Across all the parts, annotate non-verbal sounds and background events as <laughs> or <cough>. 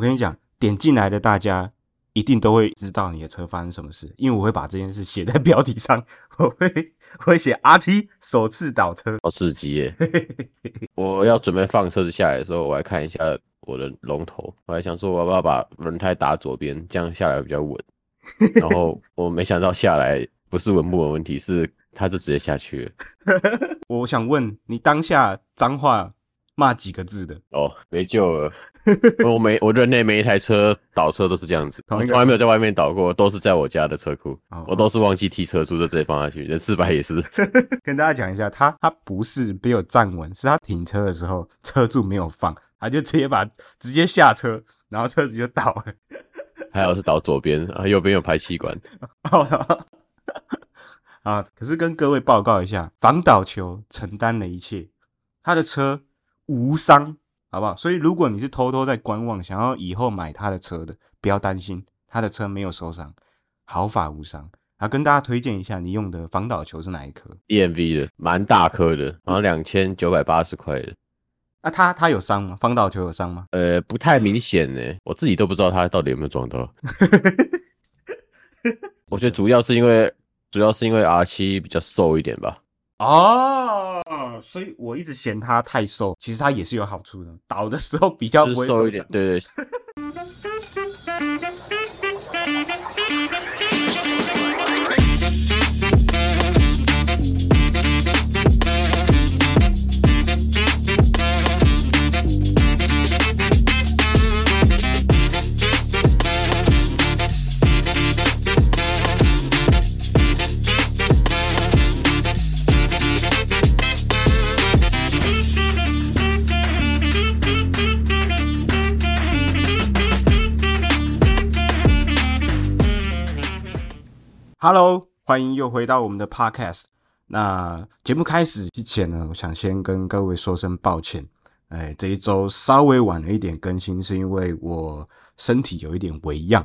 我跟你講，點進來的大家一定都會知道你的車發生什麼事，因為我會把這件事寫在標題上，我會我會寫 R7 首次倒車，好刺激耶！ <laughs> 我要準備放車子下來的時候，我來看一下我的龍頭，我來想說我要不要把輪胎打左邊，這樣下來比較穩。 <laughs> 然後我沒想到下來不是穩不穩問題，是它就直接下去了。我 <laughs> 我想問你當下髒話。罵幾個字的哦，oh, 沒救了！Oh. <laughs> 我每，我認內每一台車倒車都是這樣子，從 <laughs> 來沒有在外面倒過，都是在我家的車庫。Oh. 我都是忘記踢車柱就直接放下去，忍四百也是。 <laughs> 跟大家講一下，他他不是沒有站穩，是他停車的時候車柱沒有放，他就直接把直接下車，然後車子就倒了。 <laughs> 還好是倒左邊啊，右邊有排氣管。Oh. Oh. <laughs> 啊，可是跟各位報告一下，防倒球承擔了一切，他的車。無傷，好不好？所以如果你是偷偷在觀望，想要以後買他的車的，不要擔心，他的車沒有受傷，毫髮無傷。啊，跟大家推薦一下，你用的防倒球是哪一顆？EMV 的，蠻大顆的，然後兩千九百八十塊的。那他他有傷嗎？防倒球有傷嗎？呃，不太明顯耶， <laughs> 我自己都不知道他到底有沒有撞到。 <laughs> 我覺得主要是因為主要是因為 R7 比較瘦一點吧。哦、oh, so， <laughs> 所以我一直嫌他太瘦，其實他也是有好處的，倒的時候比較瘦一點，對。哈嘍，歡迎又回到我們的 Podcast。那節目開始之前呢，我想先跟各位說聲抱歉。哎、欸，這一周稍微晚了一點更新，是因為我身體有一點微恙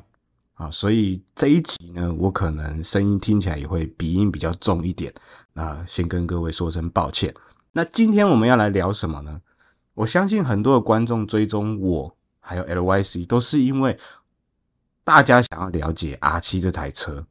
啊，所以這一集呢，我可能聲音聽起來也會鼻音比較重一點。那先跟各位說聲抱歉。那今天我們要來聊什麼呢？我相信很多的觀眾追蹤我還有 LYC，都是因為大家想要了解 R7 這台車。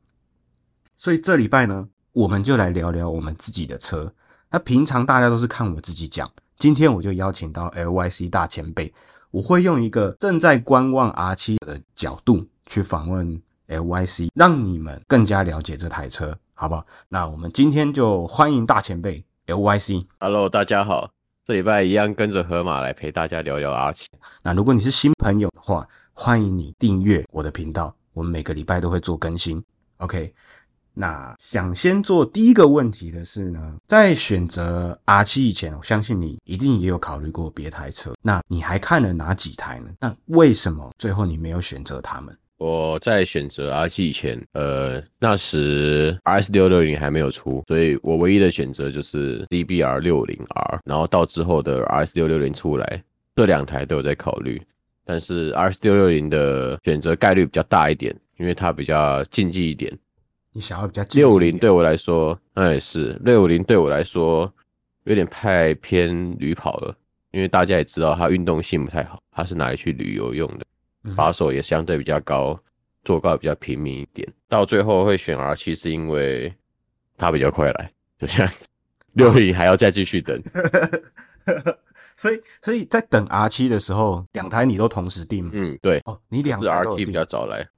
所以這禮拜呢，我們就來聊聊我們自己的車。那平常大家都是看我自己講，今天我就邀請到 LYC 大前輩，我會用一個正在觀望 R7 的角度去訪問 LYC，讓你們更加了解這台車，好不好？那我們今天就歡迎大前輩 LYC。Hello，大家好，這禮拜一樣跟着河馬來陪大家聊聊 R7。那如果你是新朋友的話，歡迎你訂閱我的頻道，我們每個禮拜都會做更新。OK。那想先做第一個問題的是呢，在選擇 R7 以前，我相信你一定也有考慮過別台車。那你還看了哪幾台呢？那為什麼最後你沒有選擇他們？我在選擇 R7 以前，呃，那時 RS660 還沒有出，所以我唯一的選擇就是 DBR60R，然後到之後的 RS660 出來，這兩台都有在考慮，但是 RS660 的選擇概率比較大一點，因為它比較競技一點。你想要比較六五零，對我來說，那、嗯、也是六五零對我來說有點太偏旅跑了，因為大家也知道它運動性不太好，它是拿來去旅遊用的、嗯，把手也相對比較高，坐高也比較平民一點。到最後會選 R 七是因為它比較快來，就這樣子。六五零還要再繼續等，呵呵呵。所以所以在等 R 七的時候，兩台你都同時定？嗯，對，哦，你兩是 R T 比較早來？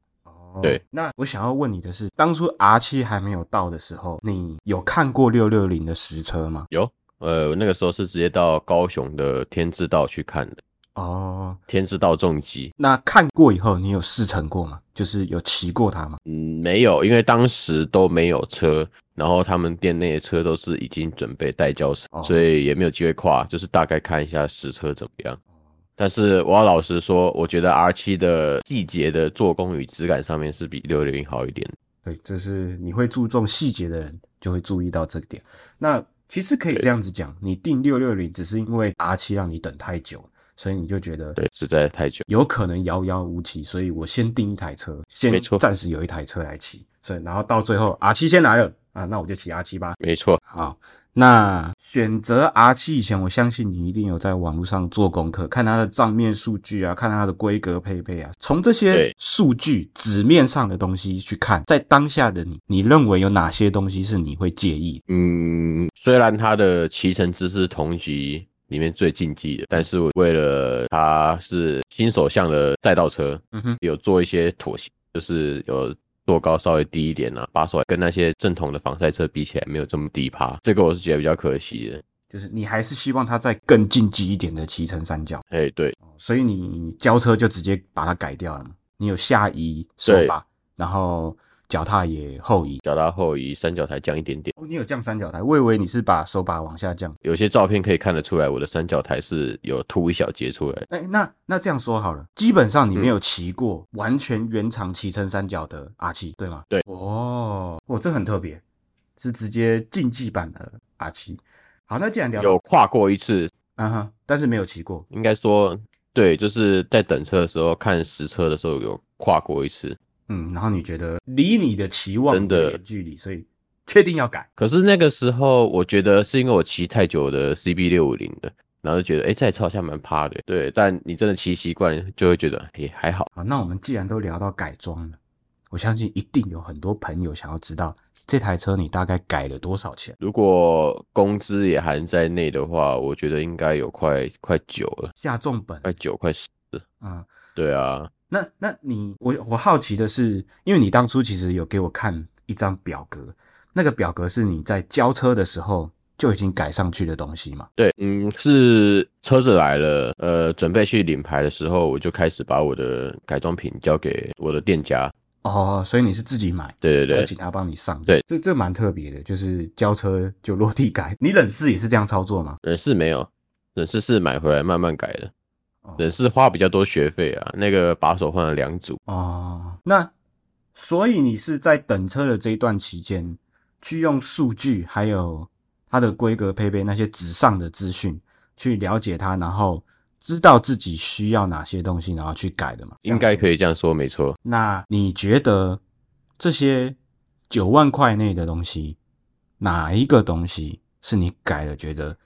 Oh, 對，那我想要問你的是，當初 R7 還沒有到的時候，你有看過660的實車嗎？有，呃，那個時候是直接到高雄的天之道去看的。哦、oh，天之道重機。那看過以後，你有試乘過嗎？就是有騎過它嗎？嗯，沒有，因為當時都沒有車，然後他們店內的車都是已經準備待交車，oh. 所以也沒有機會跨，就是大概看一下實車怎麼樣。但是我要老實說，我覺得 R 七的細節的做工與質感上面是比六六零好一點。對，就是你會注重細節的人就會注意到這個點。那其實可以這樣子講，你訂六六零只是因為 R 七讓你等太久，所以你就覺得對，實在太久，有可能遙遙無期，所以我先訂一台車，先暫時有一台車來騎。所以然後到最後 R 七先來了啊，那我就騎 R 七吧，沒錯，好。那選擇 R7 以前，我相信你一定有在網絡上做功課，看它的賬面數據啊，看它的規格配備啊。從這些數據紙面上的東西去看，在當下的你，你認為有哪些東西是你會介意？嗯，雖然它的騎乘姿勢同級裡面最競技的，但是我為了它是新手向的賽道車，嗯哼，有做一些妥協，就是有。坐高稍微低一點呢、啊，把手跟那些正統的仿賽車比起來沒有這麼低趴，這個我是覺得比較可惜的。就是你還是希望它在更競技一點的騎乘三角，哎、欸、對，所以你你交車就直接把它改掉了，你有下移手把對，然後。腳踏也後移，腳踏後移，三角台降一點點。哦、你有降三角台，我以為你是把手把往下降。有些照片可以看得出來，我的三角台是有凸一小截出來。哎、欸，那那這樣說好了，基本上你沒有騎過完全原廠騎乘三角的 R7，嗯，對嗎？對。哦，哇，這很特別，是直接競技版的 R7。好，那既然聊有跨過一次，啊、嗯、哈，但是沒有騎過。應該說，對，就是在等車的時候看實車的時候有跨過一次。嗯，然後你覺得離你的期望也真的距離，所以確定要改。可是那個時候，我覺得是因為我騎太久的 CB 六五零的，然後就覺得，哎，這台車好像蠻趴的。對，但你真的騎習慣，就會覺得也還好。好，那我們既然都聊到改裝了，我相信一定有很多朋友想要知道這台車你大概改了多少錢。如果工資也含在內的話，我覺得應該有快快九了，下重本，快九快十。嗯，對啊。那那你我我好奇的是，因為你當初其實有給我看一張表格，那個表格是你在交車的時候就已經改上去的東西嗎？對，嗯，是車子來了，呃，準備去領牌的時候，我就開始把我的改裝品交給我的店家。哦，所以你是自己買？對對對，要請他幫你上、這個。對，這這蠻特別的，就是交車就落地改。你忍四也是這樣操作嗎？忍四沒有，忍四是買回來慢慢改的。也是花比較多學費啊，那個把手換了兩組哦，那所以你是在等車的這一段期間，去用數據還有它的規格配備那些紙上的資訊去了解它，然後知道自己需要哪些東西，然後去改的嘛？應該可以這樣說，沒錯。那你覺得這些九萬塊內的東西，哪一個東西是你改了覺得？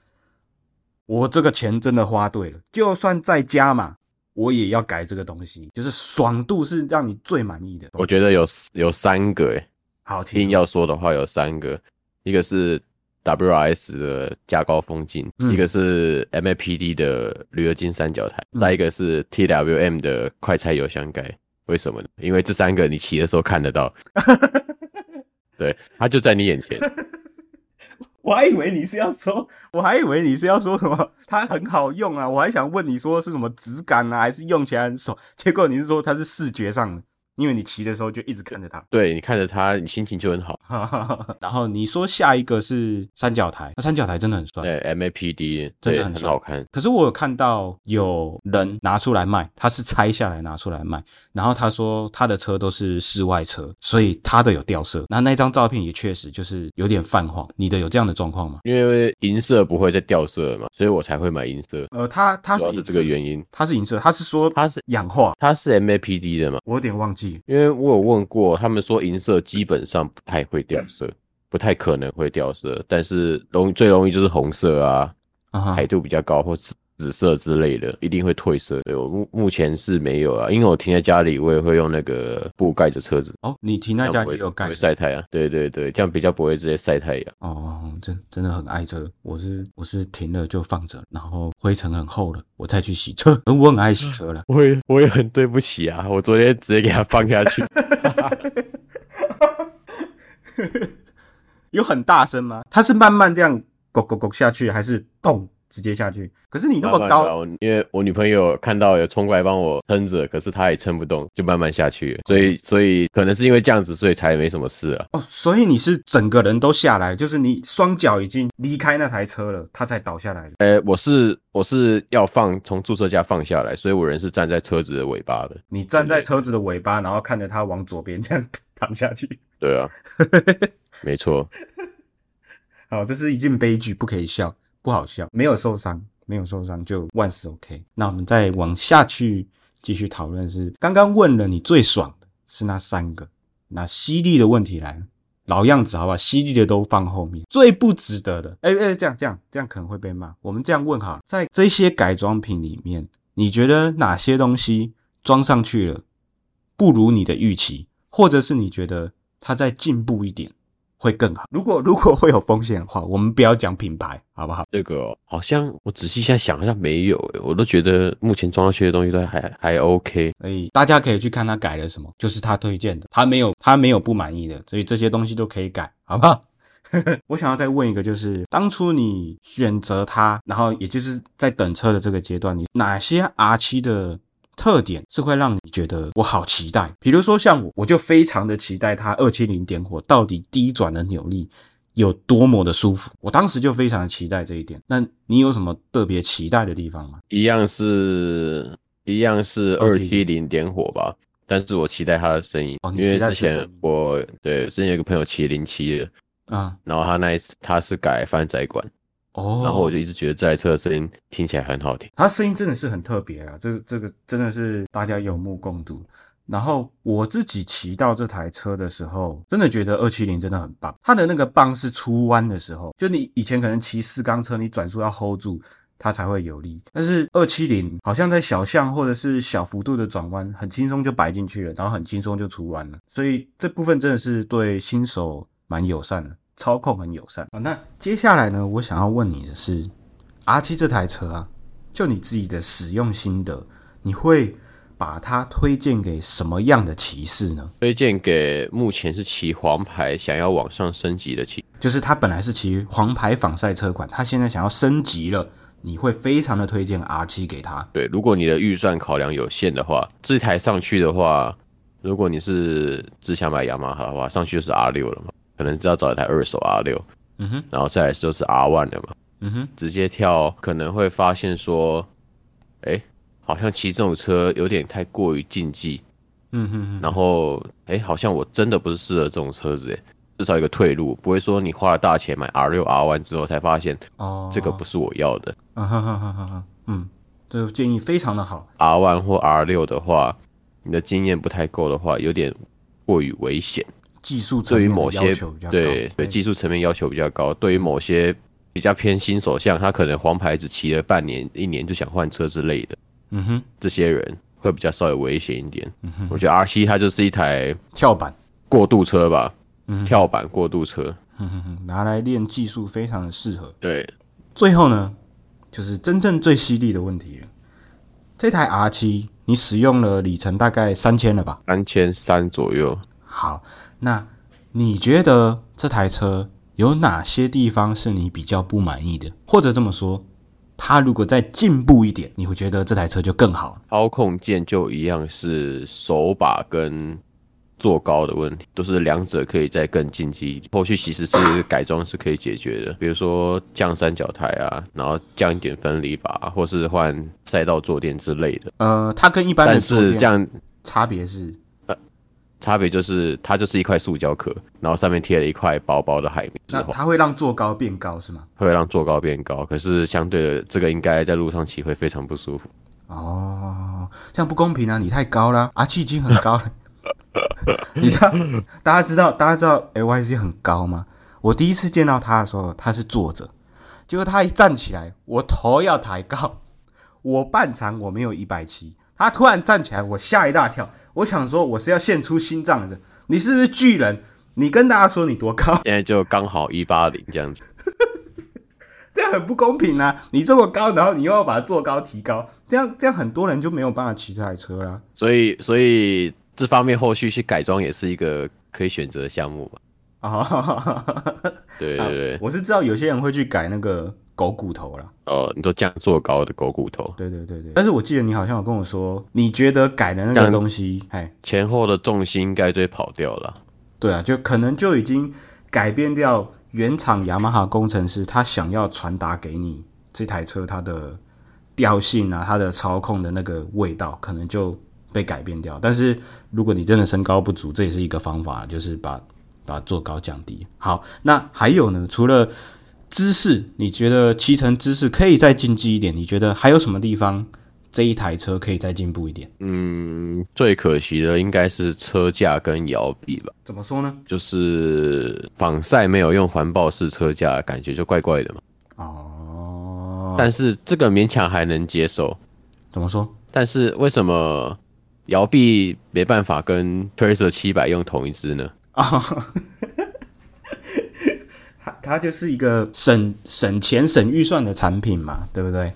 我這個錢真的花對了，就算在家嘛，我也要改這個東西，就是爽度是讓你最滿意的。我覺得有有三個、欸、好聽、硬要說的話有三個，一個是 WRS 的加高風鏡、嗯，一個是 MAPD 的鋁合金三角台、嗯，再一個是 TWM 的快拆油箱蓋。為什麼呢？因為這三個你騎的時候看得到， <laughs> 對，它就在你眼前。 <laughs> 我還以為你是要說，我還以為你是要說什麼，它很好用啊！我還想問你說是什麼質感啊，還是用起來很爽？結果你是說它是視覺上的。因為你騎的時候就一直看着它，對你看着它，你心情就很好。哈哈哈。然後你說下一個是三角台，那、啊、三角台真的很帥，對，MAPD 真的很,很好看。可是我有看到有人拿出來賣，他是拆下來拿出來賣，然後他說他的車都是室外車，所以他的有掉色。那那張照片也確實就是有點泛黃。你的有這樣的狀況嗎？因為銀色不會再掉色了嘛，所以我才會買銀色。呃，他他,他是,是這個原因，他,他是銀色，他是說他是氧化，他是,他是 MAPD 的嘛？我有點忘記。因為我有問過，他們說銀色基本上不太會掉色，不太可能會掉色，但是容易最容易就是紅色啊，彩度比較高，Uh-huh. 或是。紫色之類的一定會褪色。對我目目前是沒有啊，因為我停在家裡，我也會用那個布蓋着車子。哦，你停在家裡就蓋，不會曬太陽。對對對，這樣比較不會直接曬太陽。哦，真真的很愛車，我是我是停了就放着，然後灰塵很厚了，我再去洗車。我很愛洗車了，我也我也很對不起啊，我昨天直接給它放下去。 <laughs> <laughs> 有很大聲嗎？它是慢慢這樣咕咕咕下去，還是咚？直接下去，可是你那麼高，慢慢倒，因為我女朋友看到有衝過來幫我撐着，可是她也撐不動，就慢慢下去了，所以，所以可能是因為這樣子，所以才沒什麼事啊。哦，所以你是整個人都下來，就是你雙腳已經離開那台車了，它才倒下來的。誒、欸，我是我是要放從駐車架放下來，所以我人是站在車子的尾巴的。你站在車子的尾巴，然後看着它往左邊這樣躺下去。對啊， <laughs> 沒錯。 <laughs> 好，這是一件悲劇，不可以笑。不好笑，沒有受傷，沒有受傷就萬事 OK。那我們再往下去繼續討論，是剛剛問了你最爽的是那三個，那犀利的問題來了，老樣子好不好？犀利的都放後面，最不值得的，哎、欸、哎、欸，這樣這樣這樣可能會被罵。我們這樣問哈，在這些改裝品裡面，你覺得哪些東西裝上去了不如你的預期，或者是你覺得它再進步一點？會更好。如果如果會有風險的話，我們不要講品牌，好不好？這個好像我仔細一下想一下，沒有，我都覺得目前裝上去的東西都還還 OK，所以大家可以去看他改了什麼，就是他推薦的，他沒有他沒有不滿意的，所以這些東西都可以改，好不好？呵呵，我想要再問一個，就是當初你選擇他，然後也就是在等車的這個階段，你哪些 R7 的？特點是會讓你覺得我好期待，比如說像我，我就非常的期待它二七零點火到底低轉的扭力有多麼的舒服，我當時就非常的期待這一點。那你有什麼特別期待的地方嗎？一樣是一樣是二七零點火吧，2T. 但是我期待它的聲音、哦，因為之前我,我對之前有個朋友騎零七的，啊、嗯，然後他那一次他是改翻窄管。哦、oh，然後我就一直覺得這台車的聲音聽起來很好聽，它聲音真的是很特別啦，這這個真的是大家有目共睹。然後我自己騎到這台車的時候，真的覺得二七零真的很棒，它的那個棒是出彎的時候，就你以前可能騎四缸車，你轉速要 hold 住，它才會有力，但是二七零好像在小巷或者是小幅度的轉彎，很輕鬆就擺進去了，然後很輕鬆就出彎了，所以這部分真的是對新手蠻友善的。操控很友善啊，那接下來呢？我想要問你的是，R7 這台車啊，就你自己的使用心得，你會把它推薦給什麼樣的騎士呢？推薦給目前是騎黃牌想要往上升級的騎，就是它本來是騎黃牌仿賽車款，它現在想要升級了，你會非常的推薦 R7 給他。對，如果你的預算考量有限的話，這台上去的話，如果你是只想買雅馬哈的話，上去就是 R6 了嘛。可能就要找一台二手 R6，嗯哼，然後再來就是 R1 的嘛，嗯哼，直接跳可能會發現說，哎，好像騎這種車有點太過於禁忌。嗯哼哼，然後哎，好像我真的不是適合這種車子。哎，至少有個退路，不會說你花了大錢買 R6 R1 之後才發現，哦，這個不是我要的，嗯哼，這個建議非常的好，R1 或 R6 的話，你的經驗不太夠的話，有點過於危險。技術對於某些對對技術層面要求比較高，對於某些比較偏新手，像他可能黃牌只騎了半年一年就想換車之類的，嗯哼，這些人會比較稍微危險一點。嗯。我覺得 R 七它就是一台跳板過渡車吧，跳板。嗯，跳板過渡車，嗯嗯，拿來練技術非常的適合。對，最後呢，就是真正最犀利的問題了，這台 R 七你使用了里程大概三千了吧？三千三左右。好。那你覺得這台車有哪些地方是你比較不滿意的？或者這麼說，它如果再進步一點，你會覺得這台車就更好了？操控鍵就一樣是手把跟坐高的問題，都是兩者可以再更進階一點。後續其實是改裝是可以解決的，比如說降三角台啊，然後降一點分離把，或是換賽道坐墊之類的。呃，它跟一般的但是這樣差別是。差別就是它就是一塊塑膠殼，然後上面貼了一塊薄薄的海綿。那它會讓坐高變高是嗎？會讓坐高變高，可是相對的，這個應該在路上騎會非常不舒服。哦，這樣不公平啊！你太高了啊！七已經很高了。 <laughs> <laughs> 你知道大家知道大家知道 Lyc 很高嗎？我第一次見到他的時候，他是坐着，結果他一站起來，我頭要抬高，我半長我沒有一百七，他突然站起來，我嚇一大跳。我想說，我是要獻出心臟的。你是不是巨人？你跟大家說你多高？現在就剛好一八零這樣子， <laughs> 這樣很不公平啊！你這麼高，然後你又要把它座高提高，這樣這樣很多人就沒有辦法騎這台車了。所以，所以這方面後續去改裝也是一個可以選擇的項目吧？啊、oh, <laughs> ，對對對，對、啊，我是知道有些人會去改那個。狗骨頭了，哦，你都這樣坐高的狗骨頭，對對對對。但是我記得你好像有跟我說，你覺得改的那個東西，哎，前後的重心應該就會跑掉了？對啊，就可能就已經改變掉原廠雅馬哈工程師他想要傳達給你這台車它的調性啊，它的操控的那個味道，可能就被改變掉。但是如果你真的身高不足，這也是一個方法，就是把把坐高降低。好，那還有呢，除了。姿勢，你覺得騎乘姿勢可以再進一點？你覺得還有什麼地方這一台車可以再進步一點？嗯，最可惜的應該是車架跟搖臂吧？怎麼說呢？就是仿賽沒有用環抱式車架，感覺就怪怪的嘛。哦、oh...，但是這個勉強還能接受。怎麼說？但是為什麼搖臂沒辦法跟 Tracer 700用同一支呢？啊、oh... <laughs> 它就是一個省省錢省預算的產品嘛，對不對？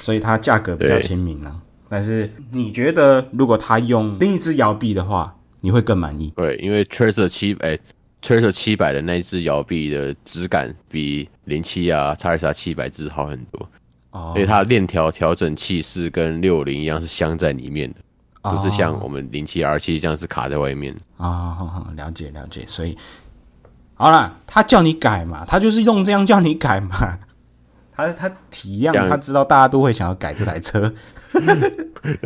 所以它價格比較親民了。但是你覺得，如果它用另一隻搖臂的話，你會更滿意？對，因為 Tracer 七哎、欸，Tracer 七百的那一隻搖臂的質感比零七啊、XSR 七百質好很多。哦，因為它的鏈條調整器是跟六零一樣是鑲在裡面的，不是、哦就是像我們零七、二七這樣是卡在外面。啊、哦，了解了解，所以。好啦，他叫你改嘛，他就是用這樣叫你改嘛。他他體諒，他知道大家都會想要改這台車， <laughs> 這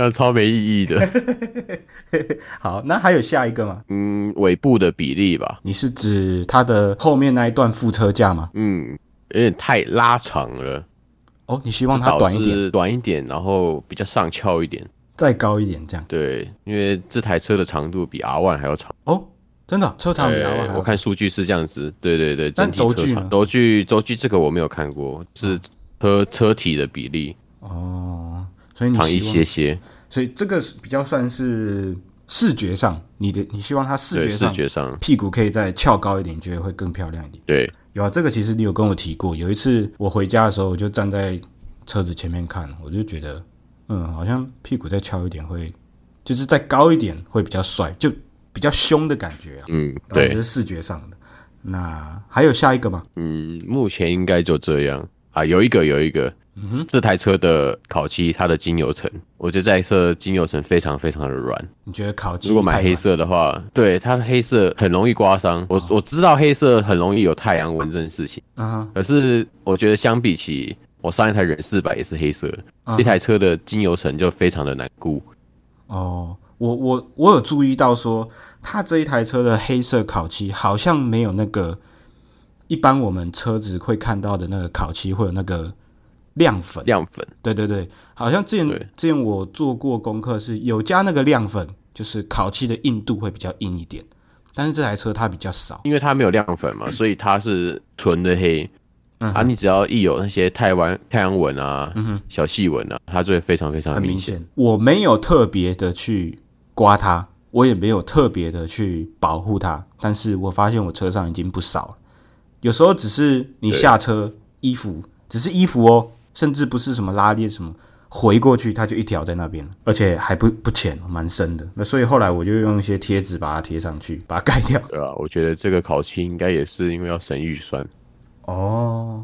樣超沒意義的。 <laughs> 好，那還有下一個嗎？嗯，尾部的比例吧。你是指它的後面那一段副車架嗎？嗯，有點太拉長了。哦，你希望它短一點，是短一點，然後比較上翹一點，再高一點，這樣。對，因為這台車的長度比 R One 還要長。哦。真的、哦、車長、欸，我看數據是這樣子，對對對，但軸距，距，軸距，軸距這個我沒有看過，哦、是車車體的比例哦，所以你躺一些些，所以這個比較算是視覺上，你的你希望它視視覺上，屁股可以再翹高一點，你覺得會更漂亮一點？對，有啊，這個其實你有跟我提過，有一次我回家的時候，我就站在車子前面看，我就覺得，嗯，好像屁股再翹一點會，就是再高一點會比較帥，就。比較凶的感覺啊，嗯，對，是視覺上的。那還有下一個嗎？嗯，目前應該就這樣啊。有一個，有一個。嗯哼，這台車的烤漆，它的金油層，我覺得這台車金油層非常非常的軟。你覺得烤漆？如果買黑色的話、嗯，對，它的黑色很容易刮傷。哦、我我知道黑色很容易有太陽紋這件事情啊、嗯。可是我覺得相比起我上一台忍四百也是黑色、嗯，這台車的金油層就非常的難顧。哦。我我我有注意到說，他這一台車的黑色烤漆好像沒有那個一般我們車子會看到的那個烤漆會有那個亮粉。亮粉。對對對，好像之前對之前我做過功課是有加那個亮粉，就是烤漆的硬度會比較硬一點，但是這台車它比較少，因為它沒有亮粉嘛，嗯、所以它是純的黑。嗯、啊，你只要一有那些太陽太陽紋啊，嗯哼，小細紋啊，它就會非常非常明顯。很明顯。我沒有特別的去刮它，我也沒有特別的去保護它，但是我發現我車上已經不少了。有時候只是你下車衣服，只是衣服哦，甚至不是什麼拉鏈什麼，回過去它就一條在那邊，而且還不不淺，蠻深的。那所以後來我就用一些貼紙把它貼上去，把它蓋掉。對啊，我覺得這個烤漆應該也是因為要省預算哦。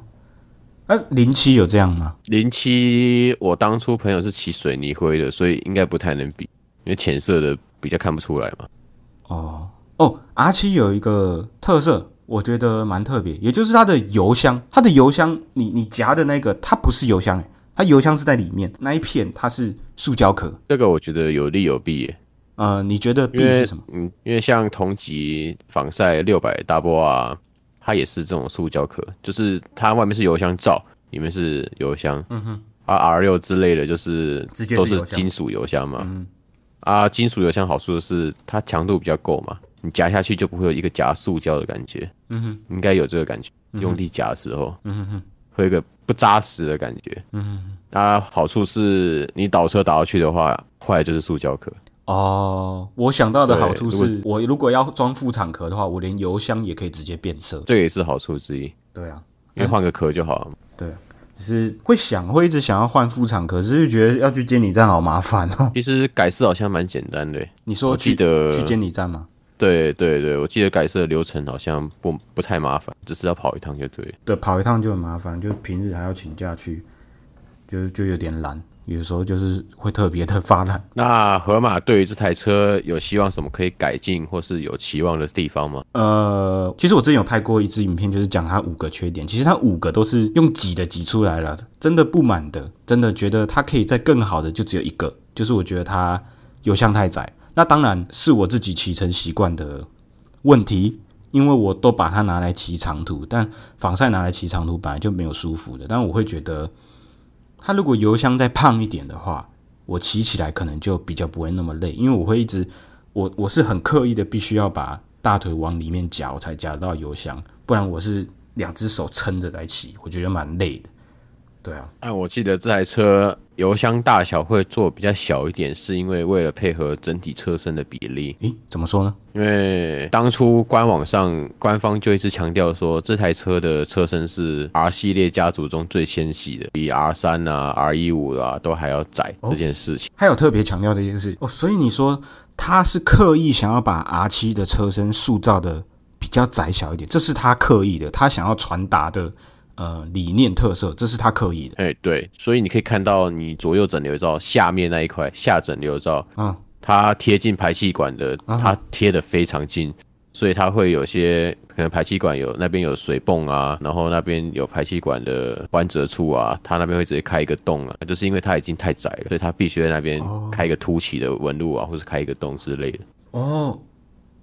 那零七有這樣嗎？零七我當初朋友是騎水泥灰的，所以應該不太能比。因為淺色的比較看不出來嘛。哦哦，R7 有一個特色，我覺得蠻特別，也就是它的油箱，它的油箱，你你夾的那個，它不是油箱誒，它油箱是在裡面那一片，它是塑膠殼。這個我覺得有利有弊。呃，你覺得弊是什麼？嗯，因為像同級仿賽六百 double 啊，它也是這種塑膠殼，就是它外面是油箱罩，裡面是油箱。嗯哼，而 R6 之類的，就是直接是都是金屬油箱嘛。嗯。啊，金屬油箱好處是它強度比較夠嘛，你夾下去就不會有一個夾塑膠的感覺。嗯哼，應該有這個感覺，嗯、用力夾的時候嗯哼，嗯哼，會有一個不扎實的感覺。嗯哼，它、啊、好處是你倒車倒下去的話，壞的就是塑膠殼。哦，我想到的好處是如我如果要裝副廠殼的話，我連油箱也可以直接變色。這個、也是好處之一。對啊，因為換個殼就好了、欸。對。只是會想，會一直想要換副廠，可是又覺得要去監理站好麻煩哦。其實改色好像蠻簡單的，你說我記得去監理站嗎？對對對，我記得改色的流程好像不不太麻煩，只是要跑一趟就對。對，跑一趟就很麻煩，就平日還要請假去，就就有點懶。有時候就是會特別的發難。那河馬對於這台車有希望什麼可以改進，或是有期望的地方嗎？呃，其實我之前有拍過一支影片，就是講它五個缺點。其實它五個都是用擠的擠出來了，真的不滿的，真的覺得它可以再更好的，就只有一個，就是我覺得它油箱太窄。那當然是我自己騎乘習慣的問題，因為我都把它拿來騎長途，但防曬拿來騎長途本來就沒有舒服的，但我會覺得。它如果油箱再胖一點的話，我騎起來可能就比較不會那麼累，因為我會一直，我我是很刻意的，必須要把大腿往裡面夾，我才夾得到油箱，不然我是兩隻手撐着來騎，我覺得蠻累的。對啊，但我記得這台車油箱大小會做比較小一點，是因為為了配合整體車身的比例。咦，怎麼說呢？因為當初官網上官方就一直強調說，這台車的車身是 R 系列家族中最纖細的，比 R 三啊、R 一五啊都還要窄。這件事情，哦、還有特別強調這件事哦。所以你說他是刻意想要把 R 七的車身塑造得比較窄小一點，這是他刻意的，他想要傳達的。呃，理念特色，這是它可以的。哎、欸，對，所以你可以看到你左右整流罩下面那一塊下整流罩，啊，它貼近排氣管的，它貼的非常近，啊，所以它會有些可能排氣管有那邊有水泵啊，然後那邊有排氣管的彎折處啊，它那邊會直接開一個洞了，啊，就是因為它已經太窄了，所以它必須在那邊開一個凸起的紋路啊，哦、或者開一個洞之類的。哦，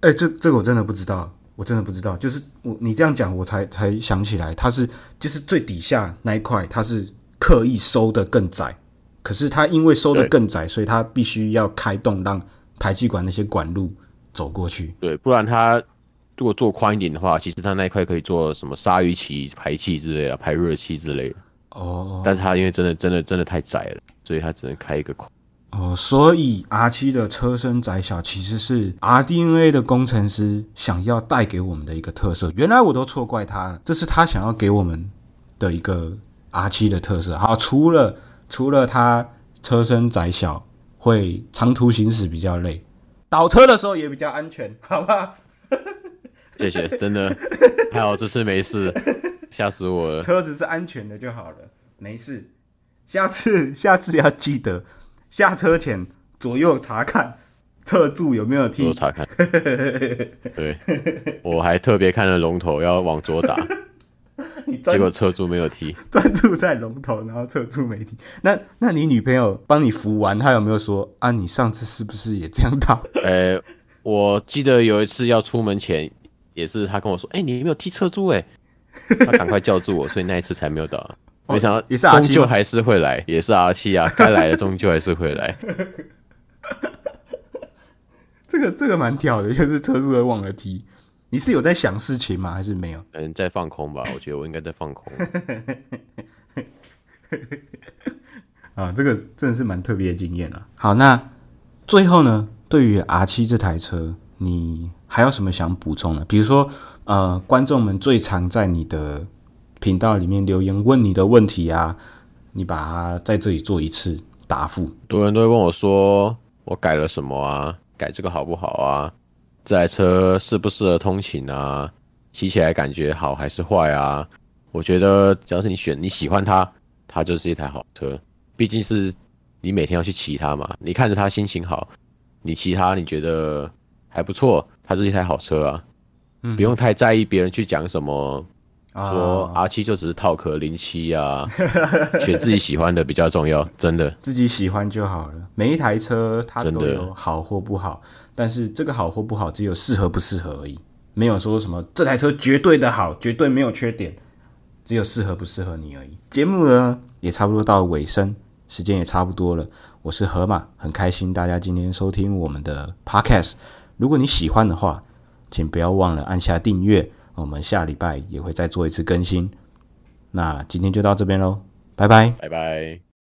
哎、欸，這這個我真的不知道。我真的不知道，就是我你這樣講，我才才想起來，它是就是最底下那一塊，它是刻意收得更窄，可是它因為收得更窄，所以它必須要開洞讓排氣管那些管路走過去，對，不然它如果做寬一點的話，其實它那一塊可以做什麼鯊魚鰭排氣之類啊，排熱氣之類的，哦，oh. 但是它因為真的真的真的太窄了，所以它只能開一個孔。哦，所以 R7 的車身窄小其實是 RDNA 的工程師想要帶給我們的一個特色。原來我都錯怪他了，這是他想要給我們的一個 R7 的特色。好，除了除了他車身窄小，會長途行駛比較累，倒車的時候也比較安全，好吧？謝謝，真的，還好這次沒事，嚇死我了。車子是安全的就好了，沒事，下次下次要記得。下車前左右查看側柱有沒有踢，左右查看。 <laughs> 對，我還特別看了龍頭，要往左打。 <laughs> 你專注，結果側柱沒有踢。專注在龍頭，然後側柱沒踢。那，那你女朋友幫你扶完，她有沒有說啊？你上次是不是也這樣倒？呃、欸，我記得有一次要出門前，也是她跟我說：“哎、欸，你有沒有踢側柱、欸？”哎，她趕快叫住我，所以那一次才沒有倒。沒想到，哦、也是 R7，終究還是會來，也是 R7 啊，該來的 <laughs> 終究還是會來。這個這個蠻屌的，就是車主會忘了踢。你是有在想事情嗎？還是沒有？嗯，在放空吧，我覺得我應該在放空。 <laughs> 啊，這個真的是蠻特別的經驗了、啊。好，那最後呢，對於 R7 這台車，你還有什麼想補充的？比如說，呃，觀眾們最常在你的頻道裡面留言問你的問題啊，你把它在這裡做一次答覆。很多人都會問我說：“我改了什麼啊？改這個好不好啊？這台車適不適合通勤啊？騎起來感覺好還是壞啊？”我覺得，只要是你選你喜歡它，它就是一台好車。畢竟是你每天要去騎它嘛，你看着它心情好，你騎它你覺得還不錯，它就是一台好車啊，嗯。不用太在意別人去講什麼。說 R7 就只是套殼07啊，選 <laughs> 自己喜歡的比較重要，真的，自己喜歡就好了。每一台車它都有好或不好，但是這個好或不好只有適合不適合而已，沒有說什麼這台車絕對的好，絕對沒有缺點，只有適合不適合你而已。節目呢也差不多到尾聲，時間也差不多了。我是河馬，很開心大家今天收聽我們的 Podcast。如果你喜歡的話，請不要忘了按下訂閱。我們下禮拜也會再做一次更新，那今天就到這邊嘍，拜拜，拜拜。